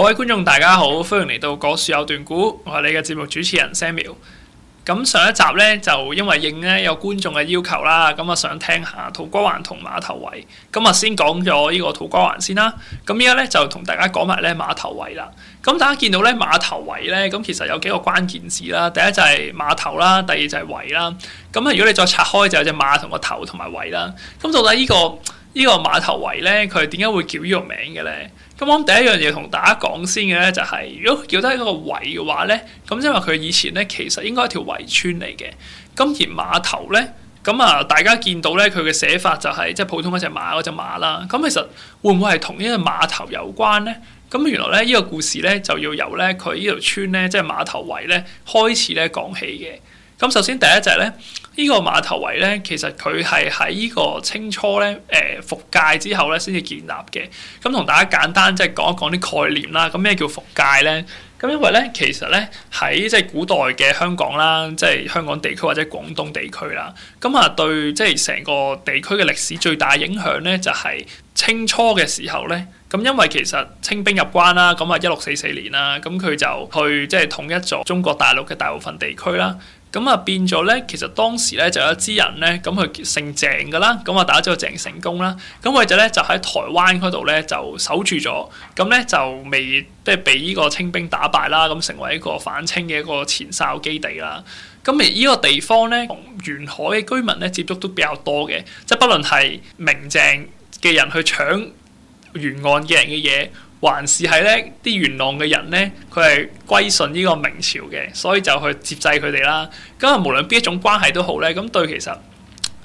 各位觀眾大家好，歡迎嚟到箇處有段故，我係你嘅節目主持人 Samuel。咁上一集咧就因為應咧有觀眾嘅要求啦，咁啊想聽下土瓜灣同馬頭圍，咁啊先講咗呢個土瓜灣先啦。咁而家咧就同大家講埋咧馬頭圍啦。咁大家見到咧馬頭圍咧，咁其實有幾個關鍵字啦。第一就係馬頭啦，第二就係圍啦。咁啊如果你再拆開就有隻馬同個頭同埋圍啦。咁到底呢、呢個呢、呢個馬頭圍咧，佢係點解會叫呢個名嘅咧？咁我、諗、第一樣嘢同大家講先嘅咧、就係，就係如果叫得係嗰個圍嘅話咧，咁即係佢以前咧其實應該係條圍村嚟嘅。咁而馬頭咧，咁、嗯、啊大家見到咧佢嘅寫法就係、係、即係普通一隻馬嗰隻馬啦，咁、嗯、其實會唔會係同呢個馬頭有關咧？咁、嗯、原來咧呢、呢個故事咧就要由咧佢呢條村咧即係馬頭圍咧開始咧講起嘅。咁首先第一隻咧，這個、碼呢個馬頭圍咧，其實佢係喺呢個清初咧，誒、呃、復界之後咧先至建立嘅。咁同大家簡單即係講一講啲概念啦。咁咩叫復界咧？咁因為咧，其實咧喺即係古代嘅香港啦，即、就、係、是、香港地區或者廣東地區啦，咁啊對即係成個地區嘅歷史最大影響咧，就係、是、清初嘅時候咧。咁因為其實清兵入關啦，咁啊一六四四年啦，咁佢就去即係統一咗中國大陸嘅大部分地區啦。咁啊變咗咧，其實當時咧就有一支人咧，咁佢姓鄭㗎啦，咁啊打咗個鄭成功啦，咁佢就咧就喺台灣嗰度咧就守住咗，咁咧就未即係畀呢個清兵打敗啦，咁成為一個反清嘅一個前哨基地啦。咁而呢個地方咧同沿海嘅居民咧接觸都比較多嘅，即係不論係明鄭嘅人去搶沿岸嘅人嘅嘢。還是係咧啲元朗嘅人咧，佢係歸順呢個明朝嘅，所以就去接濟佢哋啦。咁啊，無論邊一種關係都好咧，咁對其實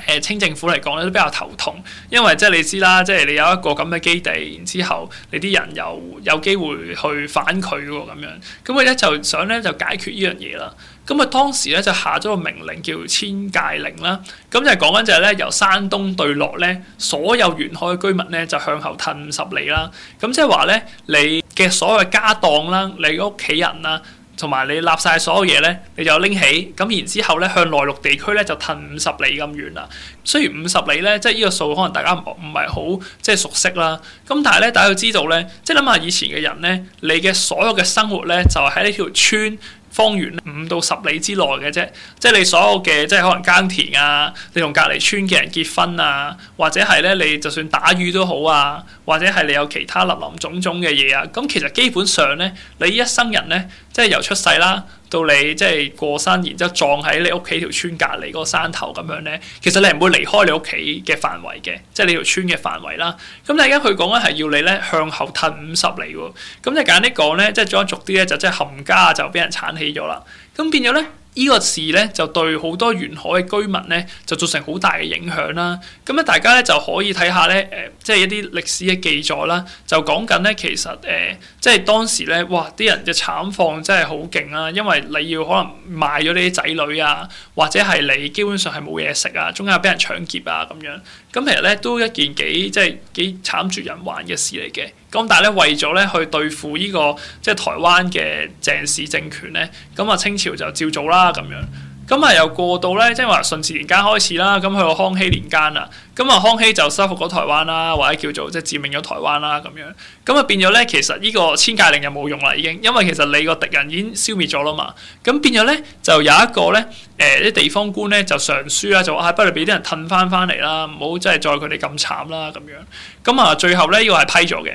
誒清政府嚟講咧都比較頭痛，因為即係你知啦，即係你有一個咁嘅基地，然之後你啲人又有，有機會去反佢喎咁樣，咁佢咧就想咧就解決呢樣嘢啦。咁啊！當時咧就下咗個命令，叫做「遷界令」啦。咁就係講緊就係咧，由山東對落咧，所有沿海嘅居民咧就向後褪五十里啦。咁即係話咧，你嘅所有家當啦、你屋企人啦，同埋你立晒所有嘢咧，你就拎起。咁然之後咧，向內陸地區咧就褪五十里咁遠啦。雖然五十里咧，即係呢個數可能大家唔唔係好即係熟悉啦。咁但係咧，大家要知道咧，即係諗下以前嘅人咧，你嘅所有嘅生活咧就係喺呢條村方圓五到十里之內嘅啫，即係你所有嘅，即係可能耕田啊，你同隔籬村嘅人結婚啊，或者係咧，你就算打魚都好啊，或者係你有其他林林種種嘅嘢啊。咁其實基本上咧，你一生人咧，即係由出世啦。到你即係、就是、過山，然之後撞喺你屋企條村隔離嗰山頭咁樣咧，其實你唔會離開你屋企嘅範圍嘅，即、就、係、是、你條村嘅範圍啦。咁你而家佢講咧係要你咧向後褪五十里喎，咁你簡單啲講咧，即係再俗啲咧就即係冚家就俾人鏟起咗啦，咁變咗咧。呢個事咧，就對好多沿海嘅居民咧，就造成好大嘅影響啦。咁咧，大家咧就可以睇下咧，誒、呃，即係一啲歷史嘅記載啦，就講緊咧其實誒、呃，即係當時咧，哇！啲人嘅慘況真係好勁啊！因為你要可能賣咗你啲仔女啊，或者係你基本上係冇嘢食啊，中間又俾人搶劫啊，咁樣咁其實咧都一件幾即係幾慘絕人寰嘅事嚟嘅。咁但係咧，為咗咧去對付呢個即係台灣嘅鄭氏政權咧，咁啊清朝就照做啦咁樣。咁啊又過到咧，即係話順治年間開始啦，咁去到康熙年間啦，咁啊康熙就收復咗台灣啦，或者叫做即係佔領咗台灣啦咁樣。咁啊變咗咧，其實呢個遷界令就冇用啦，已經，因為其實你個敵人已經消滅咗啦嘛。咁變咗咧，就有一個咧，誒、呃、啲地方官咧就上書啦，就話啊不如俾啲人褪翻翻嚟啦，唔好即係再佢哋咁慘啦咁樣。咁啊最後咧要係批咗嘅。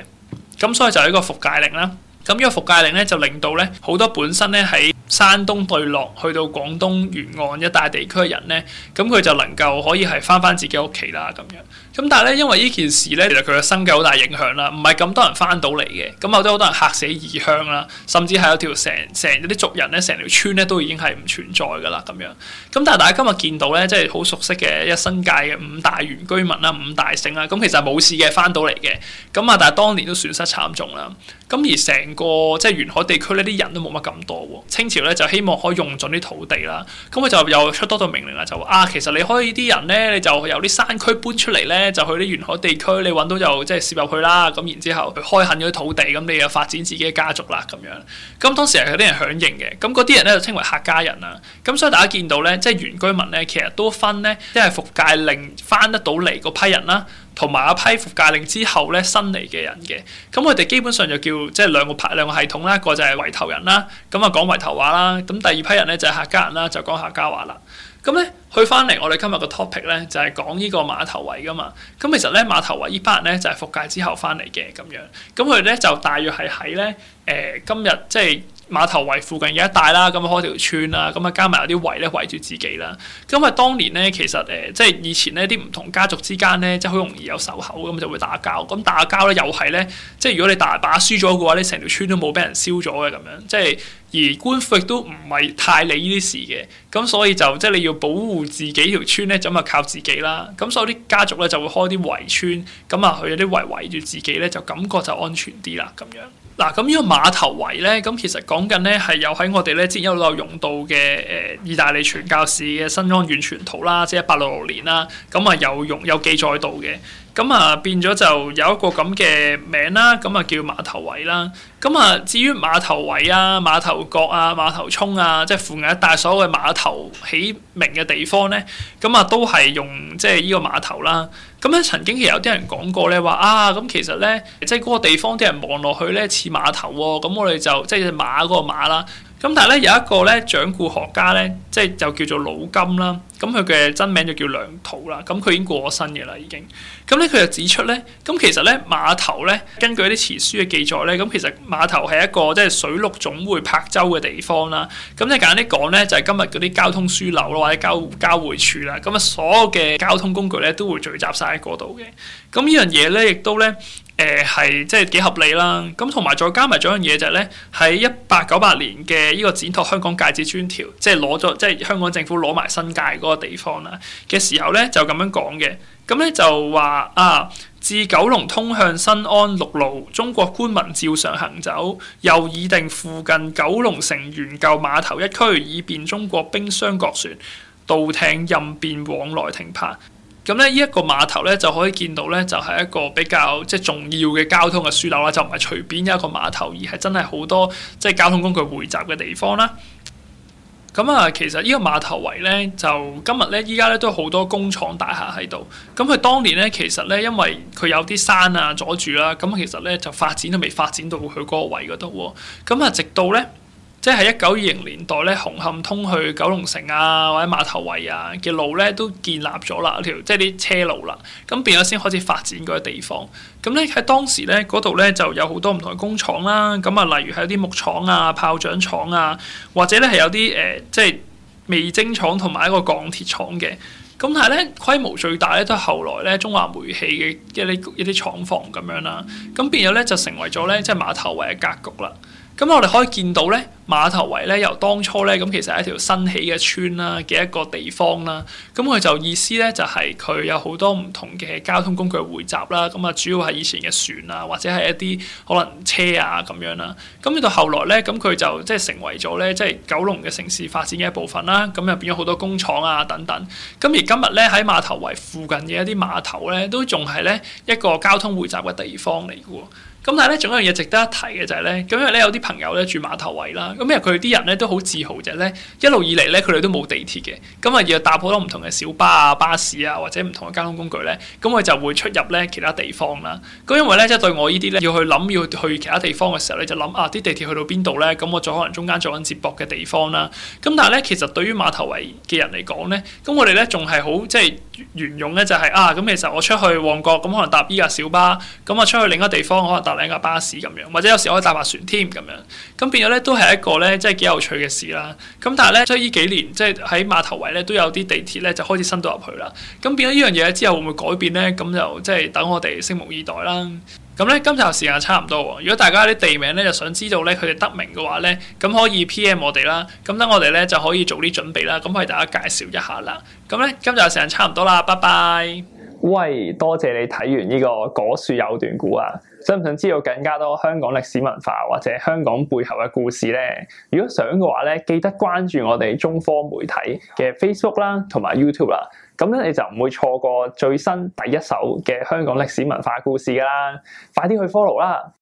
咁所以就係一個復界令啦，咁呢個復界令咧就令到咧好多本身咧喺山東對落去到廣東沿岸一帶地區嘅人咧，咁佢就能夠可以係翻翻自己屋企啦咁樣。咁但係咧，因為呢件事咧，其實佢嘅生計好大影響啦，唔係咁多人翻到嚟嘅。咁有屘好多人客死異鄉啦，甚至係有條成成啲族人咧，成條村咧都已經係唔存在㗎啦咁樣。咁但係大家今日見到咧，即係好熟悉嘅一新界嘅五大原居民啦、五大姓啦，咁其實冇事嘅翻到嚟嘅。咁啊，但係當年都損失慘重啦。咁而成個即係沿海地區呢啲人都冇乜咁多喎。清朝咧就希望可以用盡啲土地啦，咁佢就又出多套命令啦，就話啊，其實你可以啲人咧，你就由啲山區搬出嚟咧。就去啲沿海地區，你揾到就即係攝入去啦。咁然之後去開墾咗土地，咁你就發展自己嘅家族啦。咁樣，咁當時係有啲人響應嘅。咁嗰啲人咧就稱為客家人啦。咁所以大家見到咧，即係原居民咧，其實都分咧，一係復界令翻得到嚟嗰批人啦，同埋一批復界令之後咧新嚟嘅人嘅。咁佢哋基本上就叫即係兩個派兩個系統啦，一個就係圍頭人啦，咁啊講圍頭話啦。咁第二批人咧就係客家人啦，就講客家話啦。咁咧，去翻嚟我哋今日嘅 topic 咧，就係、是、講呢個馬頭圍噶嘛。咁其實咧，馬頭圍依班人咧就係、是、復界之後翻嚟嘅咁樣。咁佢咧就大約係喺咧，誒、呃、今日即係。馬頭圍附近有一帶啦，咁啊開條村啦，咁啊加埋有啲圍咧圍住自己啦。咁啊，當年咧其實誒，即係以前呢啲唔同家族之間咧，即係好容易有仇口，咁就會打交。咁打交咧又係咧，即係如果你大把輸咗嘅話咧，成條村都冇俾人燒咗嘅咁樣。即係而官府亦都唔係太理呢啲事嘅，咁所以就即係你要保護自己條村咧，咁啊靠自己啦。咁所以啲家族咧就會開啲圍村，咁啊去啲圍圍住自己咧，就感覺就安全啲啦咁樣。嗱，咁呢個馬頭圍咧，咁其實講緊咧係有喺我哋咧之前一路用到嘅誒、呃、意大利傳教士嘅新安縣全圖啦，即係八六六年啦，咁啊有用有記載到嘅。咁啊，變咗就有一個咁嘅名啦，咁啊叫馬頭圍啦。咁啊，至於馬頭圍啊、馬頭角啊、馬頭涌啊，即係附近一帶所有嘅馬頭起名嘅地方咧，咁啊都係用即係依個馬頭啦。咁咧曾經其實有啲人講過咧話啊，咁其實咧即係嗰個地方啲人望落去咧似馬頭喎、哦，咁我哋就即係、就是、馬嗰個馬啦。咁但係咧有一個咧掌故學家咧，即係就叫做老金啦。咁佢嘅真名就叫梁濤啦。咁佢已經過身嘅啦，已經。咁咧佢就指出咧，咁其實咧碼頭咧，根據啲詞書嘅記載咧，咁其實碼頭係一個即係水陸總會泊舟嘅地方啦。咁你簡單啲講咧，就係今日嗰啲交通樞紐啦，或者交匯交匯處啦。咁啊，所有嘅交通工具咧都會聚集晒喺嗰度嘅。咁呢樣嘢咧，亦都咧。誒係、呃、即係幾合理啦，咁同埋再加埋咗樣嘢就係、是、呢，喺一八九八年嘅呢個展拓香港界址專條，即係攞咗即係香港政府攞埋新界嗰個地方啦嘅時候呢，就咁樣講嘅。咁呢，就話啊，自九龍通向新安陸路，中國官民照常行走，又擬定附近九龍城原舊碼頭一區，以便中國兵商各船渡艇任便往來停泊。咁呢一個碼頭咧就可以見到咧，就係一個比較即係重要嘅交通嘅樞紐啦，就唔係隨便一個碼頭而係真係好多即係交通工具匯集嘅地方啦。咁啊，其實呢個碼頭圍咧，就今日咧依家咧都好多工廠大廈喺度。咁佢當年咧其實咧，因為佢有啲山啊阻住啦，咁其實咧就發展都未發展到佢嗰個位嗰度喎。咁啊，直到咧。即係一九二零年代咧，紅磡通去九龍城啊，或者馬頭圍啊嘅路咧都建立咗啦，條即係啲車路啦。咁變咗先開始發展嗰個地方。咁咧喺當時咧嗰度咧就有好多唔同嘅工廠啦。咁啊，例如係有啲木廠啊、炮仗廠啊，或者咧係有啲誒、呃、即係味精廠同埋一個鋼鐵廠嘅。咁但係咧規模最大咧都係後來咧中華煤氣嘅一啲一啲廠房咁樣啦。咁變咗咧就成為咗咧即係馬頭圍嘅格局啦。咁我哋可以見到咧，馬頭圍咧由當初咧咁其實係一條新起嘅村啦嘅一個地方啦。咁佢就意思咧就係、是、佢有好多唔同嘅交通工具匯集啦。咁啊主要係以前嘅船啊，或者係一啲可能車啊咁樣啦。咁到後來咧，咁佢就即係成為咗咧即係九龍嘅城市發展嘅一部分啦。咁又變咗好多工廠啊等等。咁而今日咧喺馬頭圍附近嘅一啲碼頭咧，都仲係咧一個交通匯集嘅地方嚟嘅喎。咁但係咧，仲有一樣嘢值得一提嘅就係咧，咁因為咧有啲朋友咧住馬頭圍啦，咁因為佢哋啲人咧都好自豪就係咧一路以嚟咧佢哋都冇地鐵嘅，咁啊要搭好多唔同嘅小巴啊、巴士啊或者唔同嘅交通工具咧，咁佢就會出入咧其他地方啦。咁因為咧即係對我呢啲咧要去諗要去其他地方嘅時候咧，就諗啊啲地鐵去到邊度咧？咁我再可能中間做緊接駁嘅地方啦。咁但係咧其實對於馬頭圍嘅人嚟講咧，咁我哋咧仲係好即係圓融咧，就係啊咁其實我出去旺角咁可能搭依架小巴，咁我出去另一個地方可能。搭兩架巴士咁樣，或者有時可以搭白船添咁樣，咁變咗咧都係一個咧，即係幾有趣嘅事啦。咁但係咧，所以呢幾年，即係喺碼頭位咧都有啲地鐵咧就開始伸到入去啦。咁變咗呢樣嘢之後會唔會改變咧？咁就即係等我哋拭目以待啦。咁咧，今集時間差唔多。如果大家啲地名咧就想知道咧佢哋得名嘅話咧，咁可以 PM 我哋啦。咁等我哋咧就可以做啲準備啦。咁為大家介紹一下啦。咁咧，今集時間差唔多啦，拜拜。喂，多謝你睇完呢、這個箇處有段故啊！想唔想知道更加多香港歷史文化或者香港背後嘅故事咧？如果想嘅話咧，記得關注我哋中科媒體嘅 Facebook 啦，同埋 YouTube 啦。咁咧你就唔會錯過最新第一手嘅香港歷史文化故事噶啦。快啲去 follow 啦！